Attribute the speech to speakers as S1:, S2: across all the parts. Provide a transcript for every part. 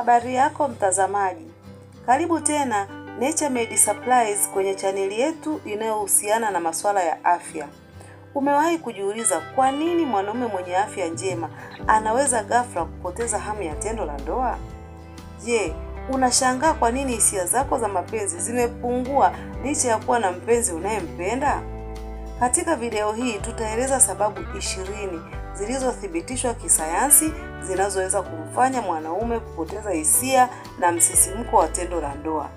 S1: Habari yako mtazamaji, karibu tena Naturemed Supplies kwenye chaneli yetu inayohusiana na masuala ya afya. Umewahi kujiuliza kwa nini mwanaume mwenye afya njema anaweza ghafla kupoteza hamu ya tendo la ndoa? Je, unashangaa kwa nini hisia zako za mapenzi zimepungua licha ya kuwa na mpenzi unayempenda? Katika video hii tutaeleza sababu ishirini zilizothibitishwa kisayansi zinazoweza kumfanya mwanaume kupoteza hisia na msisimko wa tendo la ndoa.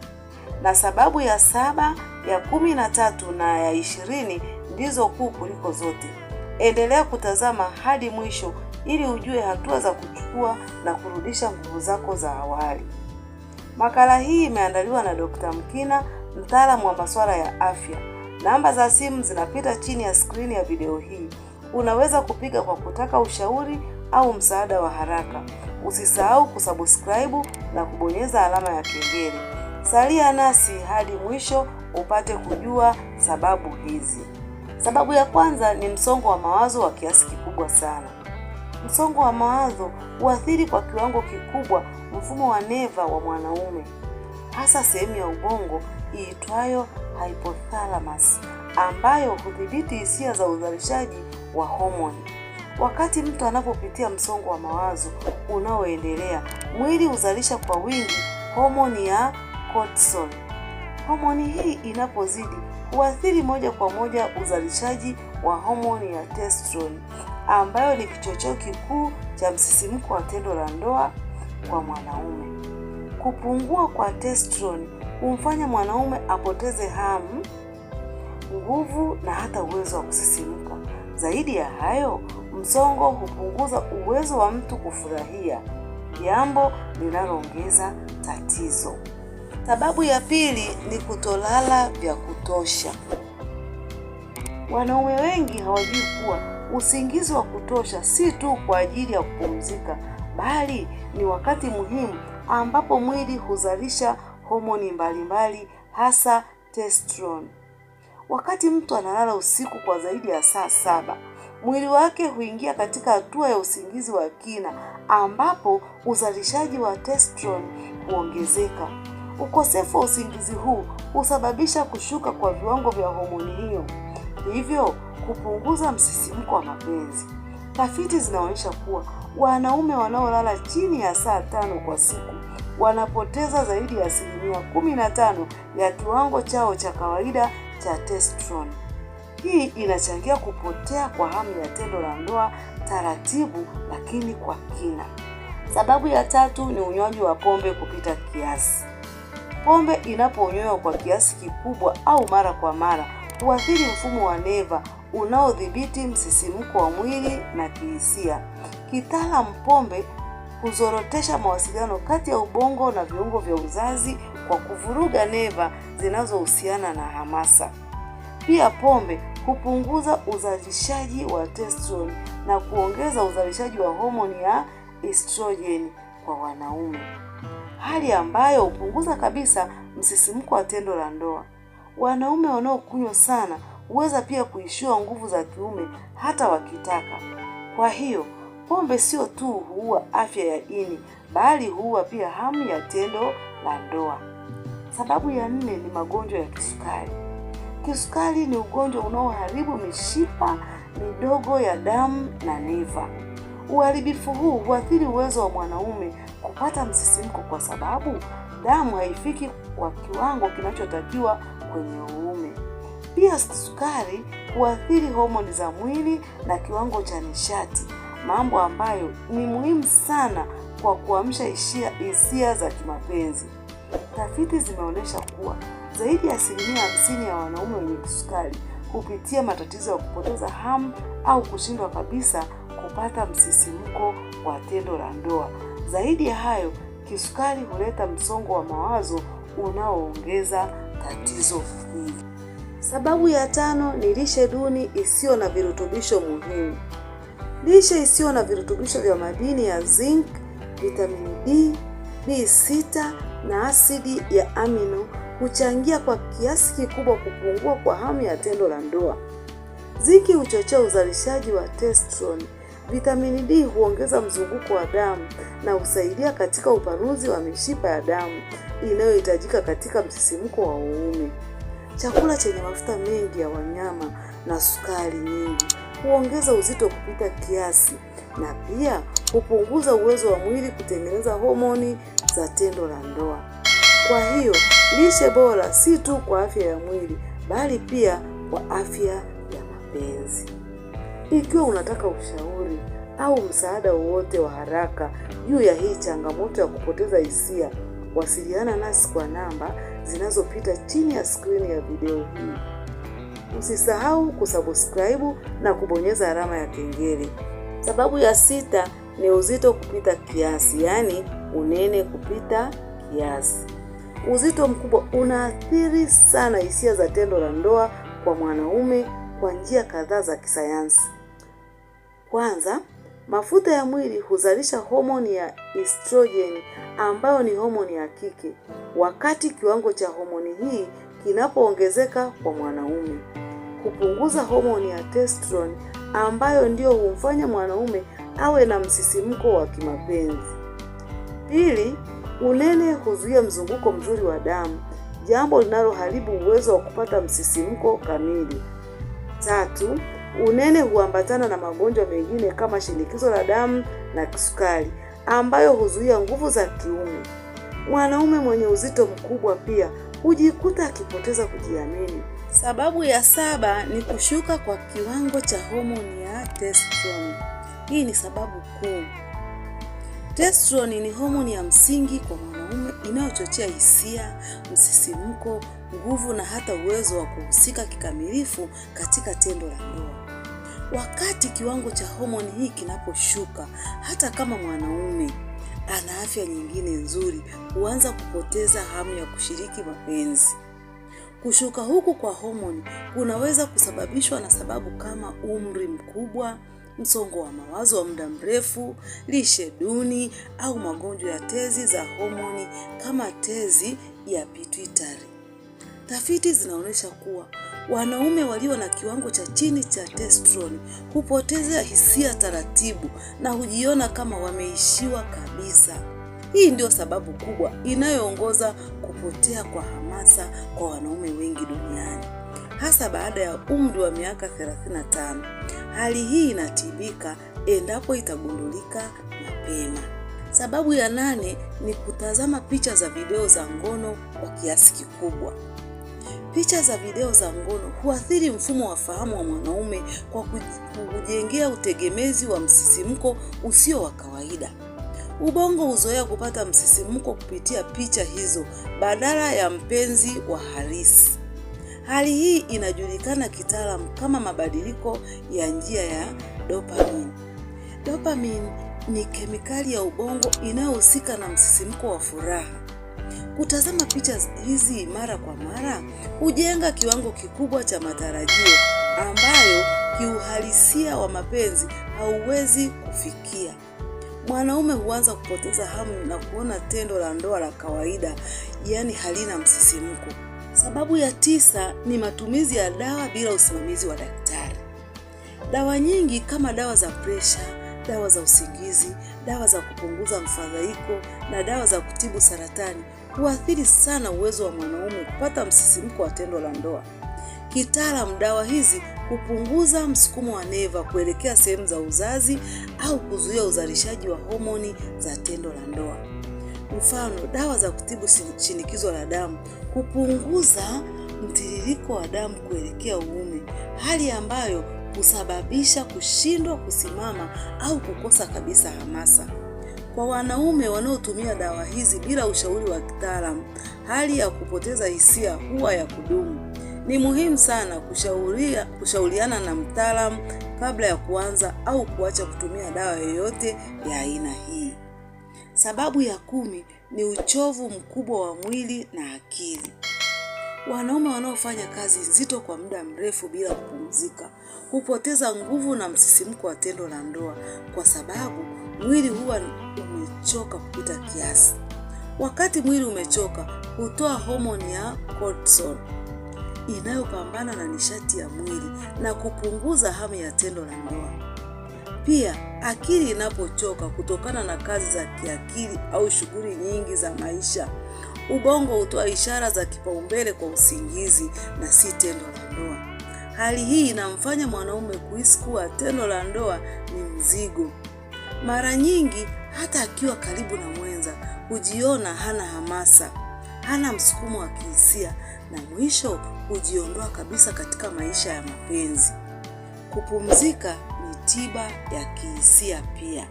S1: Na sababu ya saba, ya kumi na tatu na ya ishirini ndizo kuu kuliko zote. Endelea kutazama hadi mwisho ili ujue hatua za kuchukua na kurudisha nguvu zako za awali. Makala hii imeandaliwa na Dr. Mkina, mtaalamu wa masuala ya afya. Namba za simu zinapita chini ya skrini ya video hii. Unaweza kupiga kwa kutaka ushauri au msaada wa haraka. Usisahau kusubscribe na kubonyeza alama ya kengele. Salia nasi hadi mwisho upate kujua sababu hizi. Sababu ya kwanza ni msongo wa mawazo wa kiasi kikubwa sana. Msongo wa mawazo huathiri kwa kiwango kikubwa mfumo wa neva wa mwanaume, hasa sehemu ya ubongo iitwayo hypothalamus ambayo hudhibiti hisia za uzalishaji wa homoni. Wakati mtu anapopitia msongo wa mawazo unaoendelea, mwili huzalisha kwa wingi homoni ya cortisol. Homoni hii inapozidi huathiri moja kwa moja uzalishaji wa homoni ya testosterone ambayo ni kichocheo kikuu cha msisimko wa tendo la ndoa kwa mwanaume. Kupungua kwa testosterone humfanya mwanaume apoteze hamu, nguvu na hata uwezo wa kusisimka. Zaidi ya hayo, Msongo hupunguza uwezo wa mtu kufurahia, jambo linaloongeza tatizo. Sababu ya pili ni kutolala vya kutosha. Wanaume wengi hawajui kuwa usingizi wa kutosha si tu kwa ajili ya kupumzika, bali ni wakati muhimu ambapo mwili huzalisha homoni mbalimbali, hasa testosterone. Wakati mtu analala usiku kwa zaidi ya saa saba mwili wake huingia katika hatua ya usingizi wa kina ambapo uzalishaji wa testosterone huongezeka. Ukosefu wa usingizi huu husababisha kushuka kwa viwango vya homoni hiyo, hivyo kupunguza msisimko wa mapenzi. Tafiti zinaonyesha kuwa wanaume wanaolala chini ya saa tano kwa siku wanapoteza zaidi ya asilimia 15 ya kiwango chao cha kawaida cha testosterone. Hii inachangia kupotea kwa hamu ya tendo la ndoa taratibu, lakini kwa kina. Sababu ya tatu ni unywaji wa pombe kupita kiasi. Pombe inaponywewa kwa kiasi kikubwa au mara kwa mara, huathiri mfumo wa neva unaodhibiti msisimko wa mwili na kihisia. Kitaalamu, pombe huzorotesha mawasiliano kati ya ubongo na viungo vya uzazi kwa kuvuruga neva zinazohusiana na hamasa. Pia pombe hupunguza uzalishaji wa testosterone na kuongeza uzalishaji wa homoni ya estrogen kwa wanaume, hali ambayo hupunguza kabisa msisimko wa tendo la ndoa. Wanaume wanaokunywa sana huweza pia kuishiwa nguvu za kiume hata wakitaka. Kwa hiyo pombe sio tu huua afya ya ini, bali huua pia hamu ya tendo la ndoa. Sababu ya nne ni magonjwa ya kisukari. Kisukari ni ugonjwa unaoharibu mishipa midogo ya damu na neva. Uharibifu huu huathiri uwezo wa mwanaume kupata msisimko kwa sababu damu haifiki kwa kiwango kinachotakiwa kwenye uume. Pia sukari huathiri homoni za mwili na kiwango cha nishati, mambo ambayo ni muhimu sana kwa kuamsha hisia za kimapenzi. Tafiti zimeonyesha kuwa zaidi ya asilimia hamsini ya wanaume wenye kisukari hupitia matatizo ya kupoteza hamu au kushindwa kabisa kupata msisimko wa tendo la ndoa. Zaidi ya hayo, kisukari huleta msongo wa mawazo unaoongeza tatizo hili. Sababu ya tano ni lishe duni isiyo na virutubisho muhimu. Lishe isiyo na virutubisho vya madini ya zinc, vitamini D, e, B6 na asidi ya amino huchangia kwa kiasi kikubwa kupungua kwa hamu ya tendo la ndoa. ziki huchochea uzalishaji wa testosterone. Vitamini D huongeza mzunguko wa damu na husaidia katika upanuzi wa mishipa ya damu inayohitajika katika msisimko wa uume. Chakula chenye mafuta mengi ya wanyama na sukari nyingi huongeza uzito kupita kiasi na pia hupunguza uwezo wa mwili kutengeneza homoni za tendo la ndoa. Kwa hiyo Lishe bora si tu kwa afya ya mwili, bali pia kwa afya ya mapenzi. Ikiwa unataka ushauri au msaada wowote wa haraka juu ya hii changamoto ya kupoteza hisia, wasiliana nasi kwa namba zinazopita chini ya skrini ya video hii. Msisahau kusubscribe na kubonyeza alama ya kengele. Sababu ya sita ni uzito kupita kiasi, yaani unene kupita kiasi. Uzito mkubwa unaathiri sana hisia za tendo la ndoa kwa mwanaume kwa njia kadhaa za kisayansi. Kwanza, mafuta ya mwili huzalisha homoni ya estrogen ambayo ni homoni ya kike, wakati kiwango cha homoni hii kinapoongezeka kwa mwanaume kupunguza homoni ya testosterone ambayo ndiyo humfanya mwanaume awe na msisimko wa kimapenzi. Pili, Unene huzuia mzunguko mzuri wa damu, jambo linaloharibu uwezo wa kupata msisimko kamili. Tatu, unene huambatana na magonjwa mengine kama shinikizo la damu na kisukari ambayo huzuia nguvu za kiume. Mwanaume mwenye uzito mkubwa pia hujikuta akipoteza kujiamini.
S2: Sababu ya saba ni kushuka kwa kiwango cha homoni ya testosterone. Hii ni sababu kuu. Testosterone ni homoni ya msingi kwa mwanaume inayochochea hisia, msisimko, nguvu na hata uwezo wa kuhusika kikamilifu katika tendo la ndoa. Wakati kiwango cha homoni hii kinaposhuka, hata kama mwanaume ana afya nyingine nzuri, huanza kupoteza hamu ya kushiriki mapenzi. Kushuka huku kwa homoni kunaweza kusababishwa na sababu kama umri mkubwa msongo wa mawazo wa muda mrefu, lishe duni au magonjwa ya tezi za homoni kama tezi ya pituitari. Tafiti zinaonyesha kuwa wanaume walio na kiwango cha chini cha testosterone hupoteza hisia taratibu na hujiona kama wameishiwa kabisa. Hii ndio sababu kubwa inayoongoza kupotea kwa hamasa kwa wanaume wengi duniani hasa baada ya umri wa miaka 35. Hali hii inatibika endapo itagundulika mapema. Sababu ya nane ni kutazama picha za video za ngono kwa kiasi kikubwa. Picha za video za ngono huathiri mfumo wa fahamu wa mwanaume kwa kujengea utegemezi wa msisimko usio wa kawaida. Ubongo huzoea kupata msisimko kupitia picha hizo badala ya mpenzi wa halisi. Hali hii inajulikana kitaalamu kama mabadiliko ya njia ya dopamine. Dopamine ni kemikali ya ubongo inayohusika na msisimko wa furaha. Kutazama picha hizi mara kwa mara hujenga kiwango kikubwa cha matarajio ambayo kiuhalisia wa mapenzi hauwezi kufikia. Mwanaume huanza kupoteza hamu na kuona tendo la ndoa la kawaida, yaani halina msisimko. Sababu ya tisa ni matumizi ya dawa bila usimamizi wa daktari. Dawa nyingi kama dawa za presha, dawa za usingizi, dawa za kupunguza mfadhaiko na dawa za kutibu saratani huathiri sana uwezo wa mwanaume kupata msisimko wa tendo la ndoa. Kitaalam, dawa hizi hupunguza msukumo wa neva kuelekea sehemu za uzazi au kuzuia uzalishaji wa homoni za tendo la ndoa. Mfano, dawa za kutibu shinikizo la damu kupunguza mtiririko wa damu kuelekea uume, hali ambayo husababisha kushindwa kusimama au kukosa kabisa hamasa. Kwa wanaume wanaotumia dawa hizi bila ushauri wa kitaalamu, hali ya kupoteza hisia huwa ya kudumu. Ni muhimu sana kushauria, kushauriana na mtaalamu kabla ya kuanza au kuacha kutumia dawa yoyote ya aina hii. Sababu ya kumi ni uchovu mkubwa wa mwili na akili. Wanaume wanaofanya kazi nzito kwa muda mrefu bila kupumzika hupoteza nguvu na msisimko wa tendo la ndoa kwa sababu mwili huwa umechoka kupita kiasi. Wakati mwili umechoka, hutoa homoni ya cortisol inayopambana na nishati ya mwili na kupunguza hamu ya tendo la ndoa. Pia akili inapochoka kutokana na kazi za kiakili au shughuli nyingi za maisha, ubongo hutoa ishara za kipaumbele kwa usingizi na si tendo la ndoa. Hali hii inamfanya mwanaume kuhisi kuwa tendo la ndoa ni mzigo. Mara nyingi hata akiwa karibu na mwenza hujiona hana hamasa, hana msukumo wa kihisia na mwisho hujiondoa kabisa katika maisha ya mapenzi. Kupumzika tiba ya kihisia pia.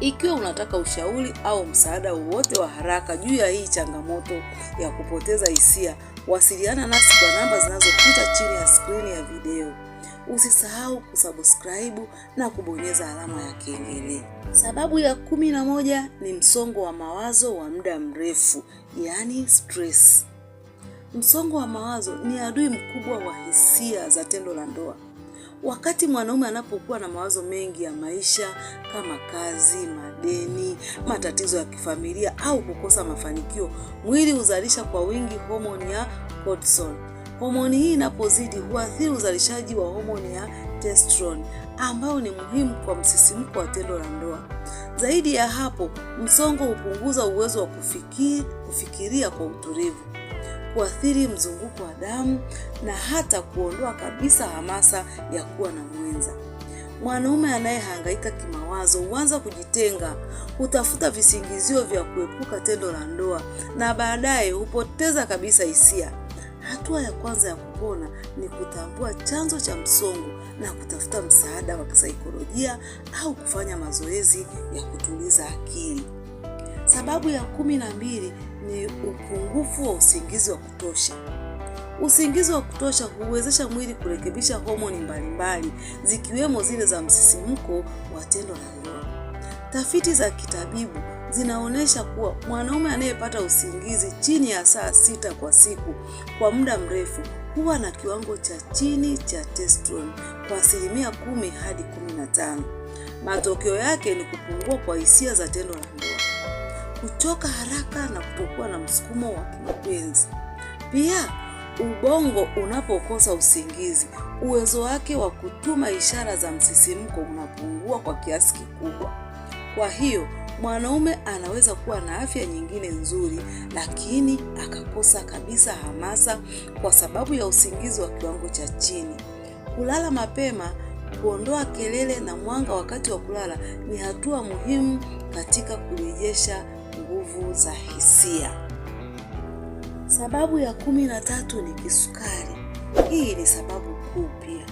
S1: Ikiwa unataka ushauri au msaada wowote wa haraka juu ya hii changamoto ya kupoteza hisia, wasiliana nasi kwa namba zinazopita chini ya skrini ya video. Usisahau kusubscribe na kubonyeza alama ya kengele. Sababu ya kumi na moja ni msongo wa mawazo wa muda mrefu, yaani stress. Msongo wa mawazo ni adui mkubwa wa hisia za tendo la ndoa. Wakati mwanaume anapokuwa na mawazo mengi ya maisha kama kazi, madeni, matatizo ya kifamilia au kukosa mafanikio, mwili huzalisha kwa wingi homoni ya cortisol. Homoni hii inapozidi huathiri uzalishaji wa homoni ya testosterone ambayo ni muhimu kwa msisimko wa tendo la ndoa. Zaidi ya hapo, msongo hupunguza uwezo wa kufikiri, kufikiria kwa utulivu kuathiri mzunguko wa damu na hata kuondoa kabisa hamasa ya kuwa na mwenza. Mwanaume anayehangaika kimawazo huanza kujitenga, hutafuta visingizio vya kuepuka tendo la ndoa na baadaye hupoteza kabisa hisia. Hatua ya kwanza ya kupona ni kutambua chanzo cha msongo na kutafuta msaada wa kisaikolojia au kufanya mazoezi ya kutuliza akili. Sababu ya kumi na mbili ni upungufu wa usingizi wa kutosha. Usingizi wa kutosha huwezesha mwili kurekebisha homoni mbalimbali zikiwemo zile za msisimko wa tendo la ndoa. Tafiti za kitabibu zinaonyesha kuwa mwanaume anayepata usingizi chini ya saa sita kwa siku kwa muda mrefu huwa na kiwango cha chini cha testosterone kwa asilimia kumi hadi kumi na tano. Matokeo yake ni kupungua kwa hisia za tendo la ndoa kuchoka haraka na kutokuwa na msukumo wa kimapenzi. Pia ubongo unapokosa usingizi, uwezo wake wa kutuma ishara za msisimko unapungua kwa kiasi kikubwa. Kwa hiyo mwanaume anaweza kuwa na afya nyingine nzuri, lakini akakosa kabisa hamasa kwa sababu ya usingizi wa kiwango cha chini. Kulala mapema, kuondoa kelele na mwanga wakati wa kulala ni hatua muhimu katika kurejesha nguvu za hisia. Sababu ya kumi na tatu ni kisukari. Hii ni sababu kuu pia.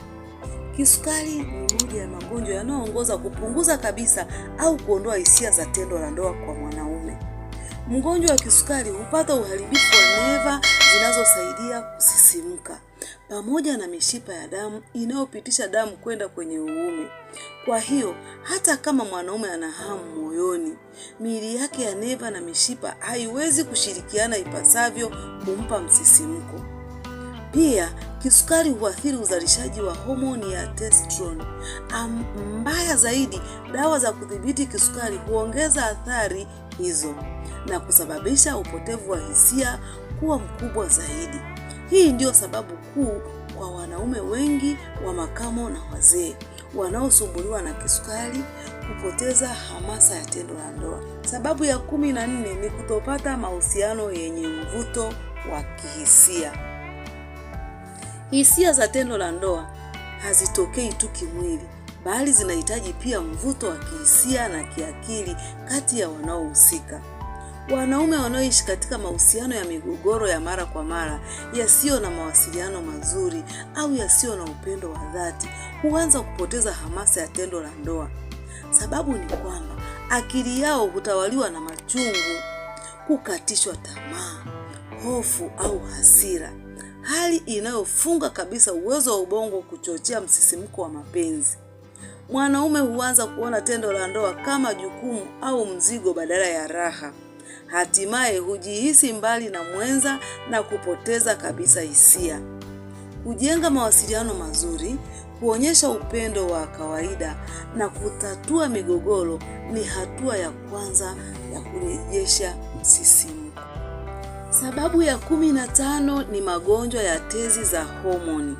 S1: Kisukari ni moja ya magonjwa yanayoongoza kupunguza kabisa au kuondoa hisia za tendo la ndoa kwa mwanaume. Mgonjwa wa kisukari hupata uharibifu wa neva zinazosaidia kusisimka pamoja na mishipa ya damu inayopitisha damu kwenda kwenye uume. Kwa hiyo hata kama mwanaume ana hamu moyoni, miili yake ya neva na mishipa haiwezi kushirikiana ipasavyo kumpa msisimko. Pia kisukari huathiri uzalishaji wa homoni ya testosterone. Mbaya zaidi, dawa za kudhibiti kisukari huongeza athari hizo na kusababisha upotevu wa hisia kuwa mkubwa zaidi. Hii ndio sababu kuu kwa wanaume wengi wa makamo na wazee wanaosumbuliwa na kisukari kupoteza hamasa ya tendo la ndoa. Sababu ya kumi na nne ni kutopata mahusiano yenye mvuto wa kihisia. Hisia za tendo la ndoa hazitokei tu kimwili, bali zinahitaji pia mvuto wa kihisia na kiakili kati ya wanaohusika. Wanaume wanaoishi katika mahusiano ya migogoro ya mara kwa mara, yasiyo na mawasiliano mazuri au yasiyo na upendo wa dhati, huanza kupoteza hamasa ya tendo la ndoa. Sababu ni kwamba akili yao hutawaliwa na machungu, kukatishwa tamaa, hofu au hasira, hali inayofunga kabisa uwezo wa ubongo kuchochea msisimko wa mapenzi. Mwanaume huanza kuona tendo la ndoa kama jukumu au mzigo badala ya raha hatimaye hujihisi mbali na mwenza na kupoteza kabisa hisia. Kujenga mawasiliano mazuri, kuonyesha upendo wa kawaida na kutatua migogoro ni hatua ya kwanza ya kurejesha msisimko. Sababu ya kumi na tano ni magonjwa ya tezi za homoni,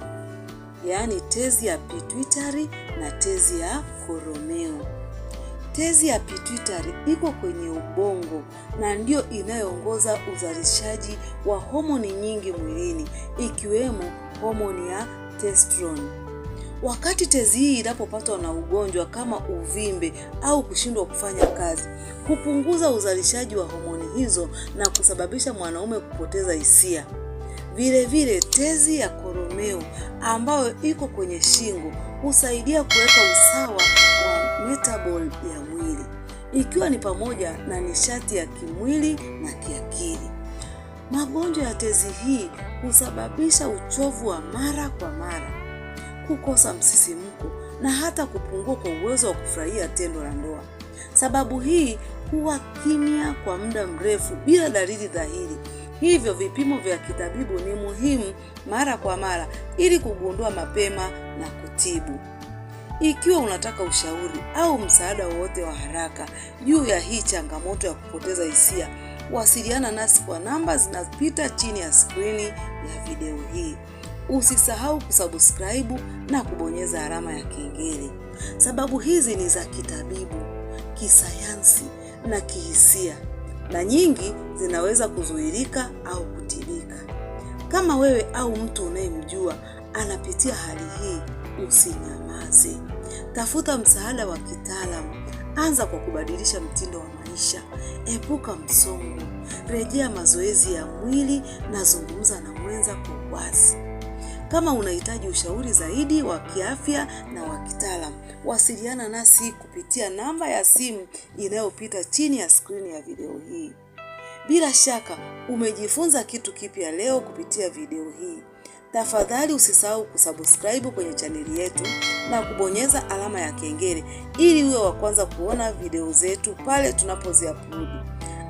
S1: yaani tezi ya pituitary na tezi ya koromeo. Tezi ya pituitary iko kwenye ubongo na ndiyo inayoongoza uzalishaji wa homoni nyingi mwilini ikiwemo homoni ya testosterone. Wakati tezi hii inapopatwa na ugonjwa kama uvimbe au kushindwa kufanya kazi, hupunguza uzalishaji wa homoni hizo na kusababisha mwanaume kupoteza hisia. Vilevile, tezi ya koromeo ambayo iko kwenye shingo husaidia kuweka usawa metabol ya mwili ikiwa ni pamoja na nishati ya kimwili na kiakili. Magonjwa ya tezi hii husababisha uchovu wa mara kwa mara, kukosa msisimko na hata kupungua kwa uwezo wa kufurahia tendo la ndoa. Sababu hii huwa kimya kwa muda mrefu bila dalili dhahiri. Hivyo vipimo vya kitabibu ni muhimu mara kwa mara ili kugundua mapema na kutibu. Ikiwa unataka ushauri au msaada wowote wa haraka juu ya hii changamoto ya kupoteza hisia, wasiliana nasi kwa namba zinazopita chini ya skrini ya video hii. Usisahau kusubscribe na kubonyeza alama ya kengele. Sababu hizi ni za kitabibu, kisayansi na kihisia, na nyingi zinaweza kuzuilika au kutibika. Kama wewe au mtu unayemjua anapitia hali hii, usinyamaze. Tafuta msaada wa kitaalamu. Anza kwa kubadilisha mtindo wa maisha, epuka msongo, rejea mazoezi ya mwili na zungumza na mwenza kwa uwazi. Kama unahitaji ushauri zaidi wa kiafya na wa kitaalamu, wasiliana nasi kupitia namba ya simu inayopita chini ya skrini ya video hii. Bila shaka umejifunza kitu kipya leo kupitia video hii. Tafadhali usisahau kusubscribe kwenye chaneli yetu na kubonyeza alama ya kengele ili uwe wa kwanza kuona video zetu pale tunapoziupload.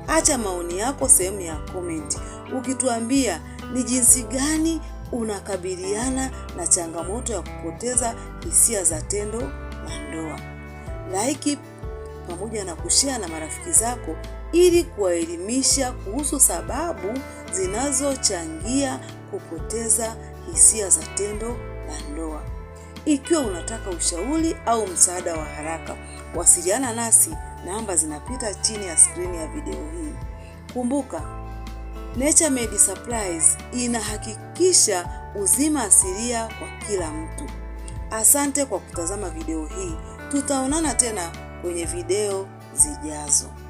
S1: Acha maoni yako sehemu ya comment ukituambia ni jinsi gani unakabiliana na changamoto ya kupoteza hisia za tendo la ndoa. Like pamoja na kushare na marafiki zako ili kuwaelimisha kuhusu sababu zinazochangia kupoteza hisia za tendo la ndoa. Ikiwa unataka ushauri au msaada wa haraka, wasiliana nasi, namba zinapita chini ya skrini ya video hii. Kumbuka, Naturemed Supplies inahakikisha uzima asilia kwa kila mtu. Asante kwa kutazama video hii. Tutaonana tena kwenye video zijazo.